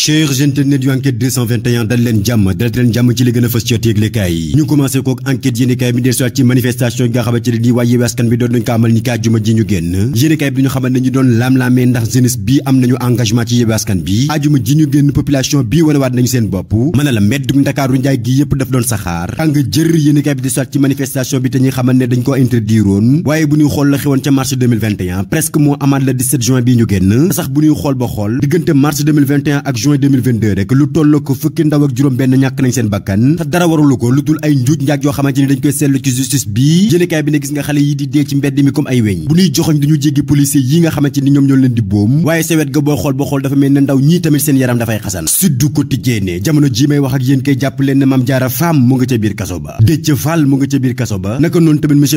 chers internet yu enquête 221 dal jàmm dal jàmm ci li gën a fës yi ñu commencé kook enquête yéenekaay bi dellusiwaat ci manifestation yi ni doon laam-laamee ndax jeunesse bi am nañu engagement ci Yewwi bi ajuma ji ñu génn population bii wanewaat nañu seen bopp mën a la Ndakaaru njaay gi yëpp daf doon saxaar tàng jër yéenekaay bi dellusiwaat ci manifestation bi te ñuy xamal ne dañ ko interdire waaye bu ñuy xool 2022 rek lu toll ko fukki ndaw ak juróom benn ñàkk nañ seen bakkan te dara warulu ko lu dul ay njuuj njaaj yoo xamante ni dañ koy seetlu ci justice bi yéenekaay bi ne gis nga xale yi di dee ci mbedd mi comme ay weñ bu ñuy joxoñ duñu jéggi policier yi nga xamante ni ñoom ñoo leen di boom waaye sa wet boo xool boo xool dafa mel ne ndaw ñii tamit seen yaram dafay xasan suddu ko tijjeene jamono ji may wax ak yéen koy jàpp leen ne Mame Diarra mu nga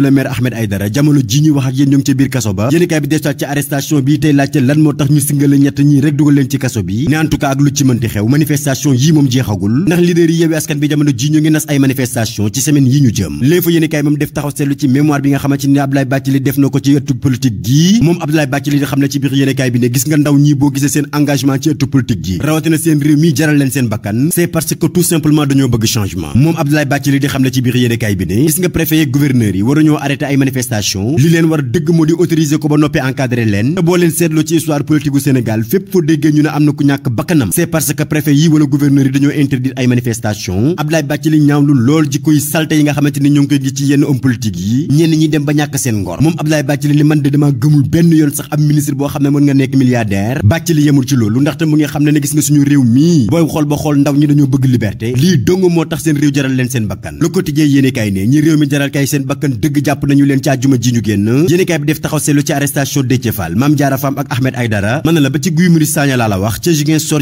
le maire Ahmed Aïdara jamono ji ñuy wax ak yéen ñoo ngi ca biir kaso ba yéenekaay bi des ci arrestation bi tey laajte lan lu ci mënti xew manifestation yii moom jeexagul ndax leader yi Yewwi Askan bi jamono ji ngi nas ay manifestation ci semaine yi ñu jëm léegi fa yéen moom def taxaw seetlu ci mémoire bi nga xamante ni Abdoulaye Bathily def na ko ci ëttu politique gii moom Abdoulaye Bathily xam ne ci biir yéen kaay bi ne gis nga ndaw ñi boo gisee seen engagement ci ëttu politique gi rawatina seen réew mi jaral leen seen bakkan c'est parce que tout simplement dañoo bëgg c'est parce que préfet yi wala gouverneur yi dañoo interdire ay manifestation Abdoulaye Bathily ñaawlu lool ji salte yi nga xamante ni ñu koy gis ci yenn homme politique yi ñenn ñi dem ba ñàkk seen ngor moom Abdoulaye Bathily ni man de dama gëmul benn yoon sax am ministre boo xam ne mën nga nekk milliardaire Bathily yemul ci loolu ndaxte mu ngi xam ne ne gis nga suñu réew mii booy xool ba xool ndaw ñi dañoo bëgg liberté lii dong moo tax seen réew jaral leen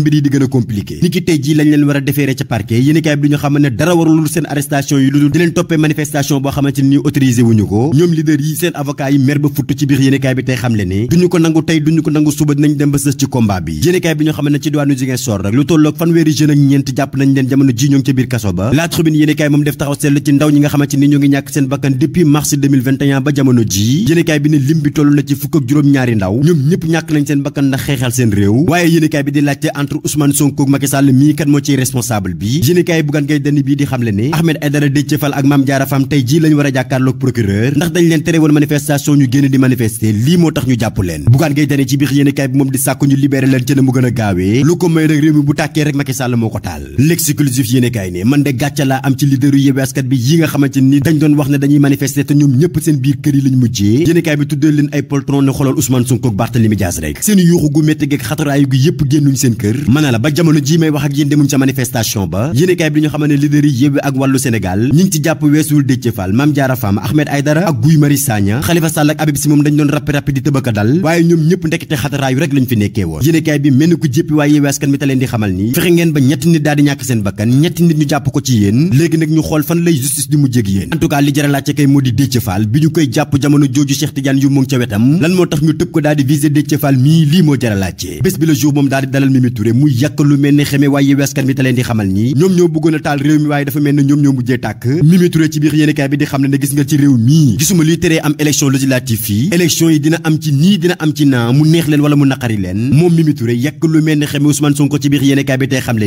mbir yi di gën a compliqué ki tey ji lañ leen war a déféré ca parquet yéen bi du ñu ne dara warul seen arrestation yi lu dul di leen toppee manifestation boo xamante ni autorisé wuñu ko seen avocat yi mer ba futt ci biir bi ne duñu bi yéen kaay ci diwaanu Ziguinchor rek lu tolloog fanweeri jeune ak ñeent jàpp nañ leen jamono ji ñoo ngi ca biir kaso ba mars ba jamono ji yéen bi ne lim bi toll na ci fukk juróom entre a jàkkaarloog a gaawee lu ko may rek réew mi am ci leaderu Yewwi bi yi nga xamante ni dañ doon wax ne dañuy manifester te ñoom ñëpp seen biir kër yi lañ mujjee yéenekaay bi tuddee leen ay poltron ne xoolal Ousmane Sonko rek seen yuuxu gu métti geeg xataraayu gi yëpp génnuñ seen kër mbir mën la ba jamono ji may wax ak yéen demuñ ca manifestation ba yéenekaay bi ñu xamal ne leader yi Yewwi ak Wàllu Sénégal ñi ci jàpp weesuwul Déthié Fall Mame Diarra Fam Ahmed Aïdara ak Guy Marius Sagna Khalifa Sall ak Habib Sy moom dañ doon rappi rappi di tëbëk a dal waaye ñoom ñëpp ndekete xataraayu rek lañ fi nekkee woon yéenekaay bi mel ni jéppi waaye Yewwi Askan mi ta leen di xamal ni fexe ngeen ba ñetti nit daal di ñàkk seen bakkan ñetti nit ñu jàpp ko ci yéen léegi nag ñu xool lan moo tax ñu ko daal di viser Déthié Fall Touré muy yàq lu mel ni xeme waaye weskat mi te leen di xamal nii ñoom ñoo bëggoon taal réew mi waaye dafa mel ne ñoom ñoo mujjee tàkk Mimi ci biir yéenekaay bi di xam ne ne lu mel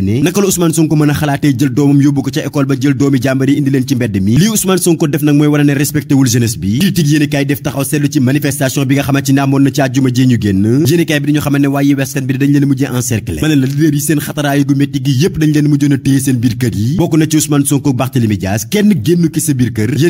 ni xeme mën a xalaatee jël doomam yóbbu ko ca école ba jël doomi jàmbar indi leen ci mbedd mi lii Ousmane Sonko def nag mooy wane ne respecté wul jeunesse bi critique yéenekaay def taxaw seetlu ci manifestation bi nga xamante ne amoon na ci àjjuma ñu génn yéenekaay ne la leader yi seen xataraayi gu métti gi yépp dañ leen mujjoon a téye seen biir kër yi bokk na ci Ousmane Sonko Barthélémy Dias kenn génn ki sa biir kër yi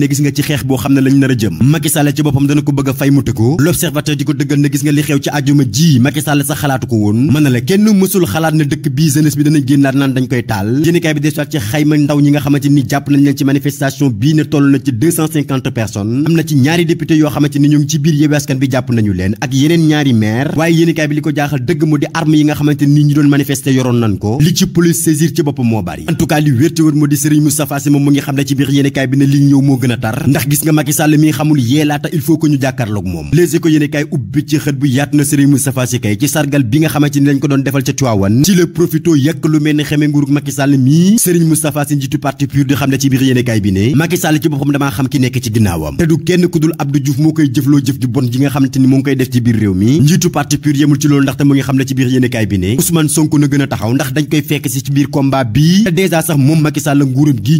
ne gis nga ci xeex boo xam ne lañ nar a jëm Macky ci boppam dana ko bëgg a mu tëkko l'observateur di ko dëggal na gis nga li xew ci àjjuma ji Macky Sall xalaatu ko woon mën na la kenn mësul xalaat na dëkk bii jeunesse bi danañ génnaat naan dañ koy taal yéenekaay bi desuwaat ci ci manifestation moo bari en tout cas moo di Serigne Moustapha Sy moom mu ngi xam ne ci biir yéenekaay bi ne li ñëw moo gën a tar ndax gis nga Macky mi xamul yee laata il faut que ñu jàkkaarloog moom ubbi ci xët bu yaat na Serigne Moustapha Sy kay ci sargal bi nga xamante ni lañ ko doon defal ca Tivaouane ci la profito yàkk lu mel ni xeme nguurug Macky Sall mii Serigne Moustapha Sy njiitu parti di xam ci biir yéenekaay bi ne Macky ci boppam damaa xam ki nekk ci ginnaawam te du kenn ku dul Abdou Diouf moo koy jëfloo jëf ju bon ji nga xamante ni mu ngi koy def ci biir réew mi njiitu parti yemul ci loolu ndaxte mu ngi xam ne ci biir yéenekaay bi a taxaw ndax dañ koy fekk si ci gii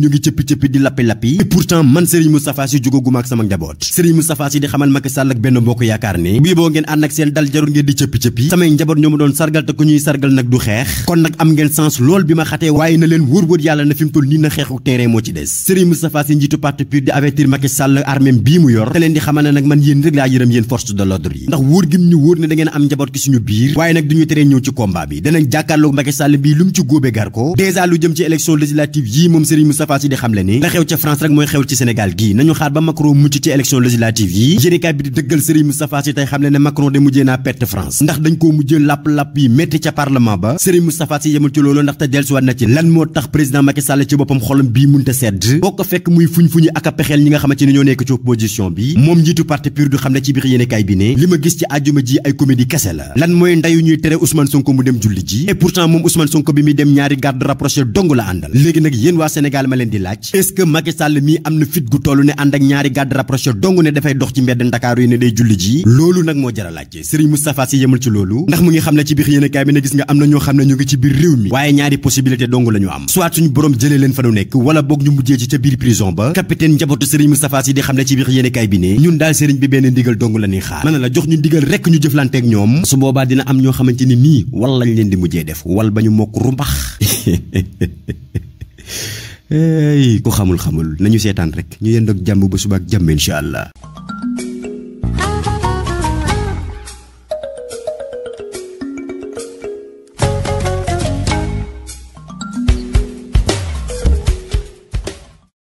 ñu ngi cëppi-cëppi di lappi-lappi et pourtant man Serigne Moustapha Sy jugaguma ak sama njaboot Serigne Moustapha Sy di yaakaar ne boo ngeen ànd ak seen dal jarul ngeen di cëppi-cëppi samay njaboot ñoo nag du xeex kon nag am ngeen bi ma xatee waaye na leen wóor mu toll nii na xeexu terrain moo ci des Serigne Moustapha Sy njiitu mu yor te di xamal ne da ngeen am njaboot ki suñu biir ci combat bi danañ jàkkaarloog Macky Sall bii ci góobe gar ko dèjà lu jëm ci élection législative yii moom Serigne Moustapha Sy ni la xew ca France rek mooy xew ci Sénégal gii nañu xaar ba Macron mucc ci élection ne Macron de mujjee naa perte France ndax dañ koo mujjee làpp-làpp yi métti ca parlement ba Serigne Moustapha Sy yemul ci loolu ndax te dellusiwaat na ci lan moo tax président Macky Sall ci boppam xolam bii munta sedd boo ko fekk muy fuñ fuñu ak pexeel ñi nga xamante ni ñoo nekk ci opposition bi moom njiitu parti pur du xam ne ci biir yéenekaay bi ne li ma gis ci àjjuma ji ay comédie kese la lan mooy ndeyu ñuy tere Ousmane Sonko mu dem julli ji et pourtant moom Ousmane Sonko bi muy moo jara laajte Serigne Moustapha Sy yemul ci loolu ndax mu ngi xam ne ci biir yéenekaay bi ne gis nga am na ñoo xam ne ñu ngi ci biir réew mi waaye ñaari possibilité dong la am soit suñu borom jëlee leen fa nu nekk wala boog ñu mujjee ci ca biir prison ba capitaine njabootu Serigne Moustapha Sy di xam ne ci biir yéenekaay bi ne ñun daal Serigne bi benn ndigal dong la ñuy xaar mën na la jox ñu ndigal rekk ñu jëflanteeg ñoom su boobaa dina am ñoo xamante ni nii wal lañ leen di mujjee wal ba ñu mokk rumbax ku xamul xamul nañu seetaan rek ñu yendoog jàmm ba subaak jàmm incha allah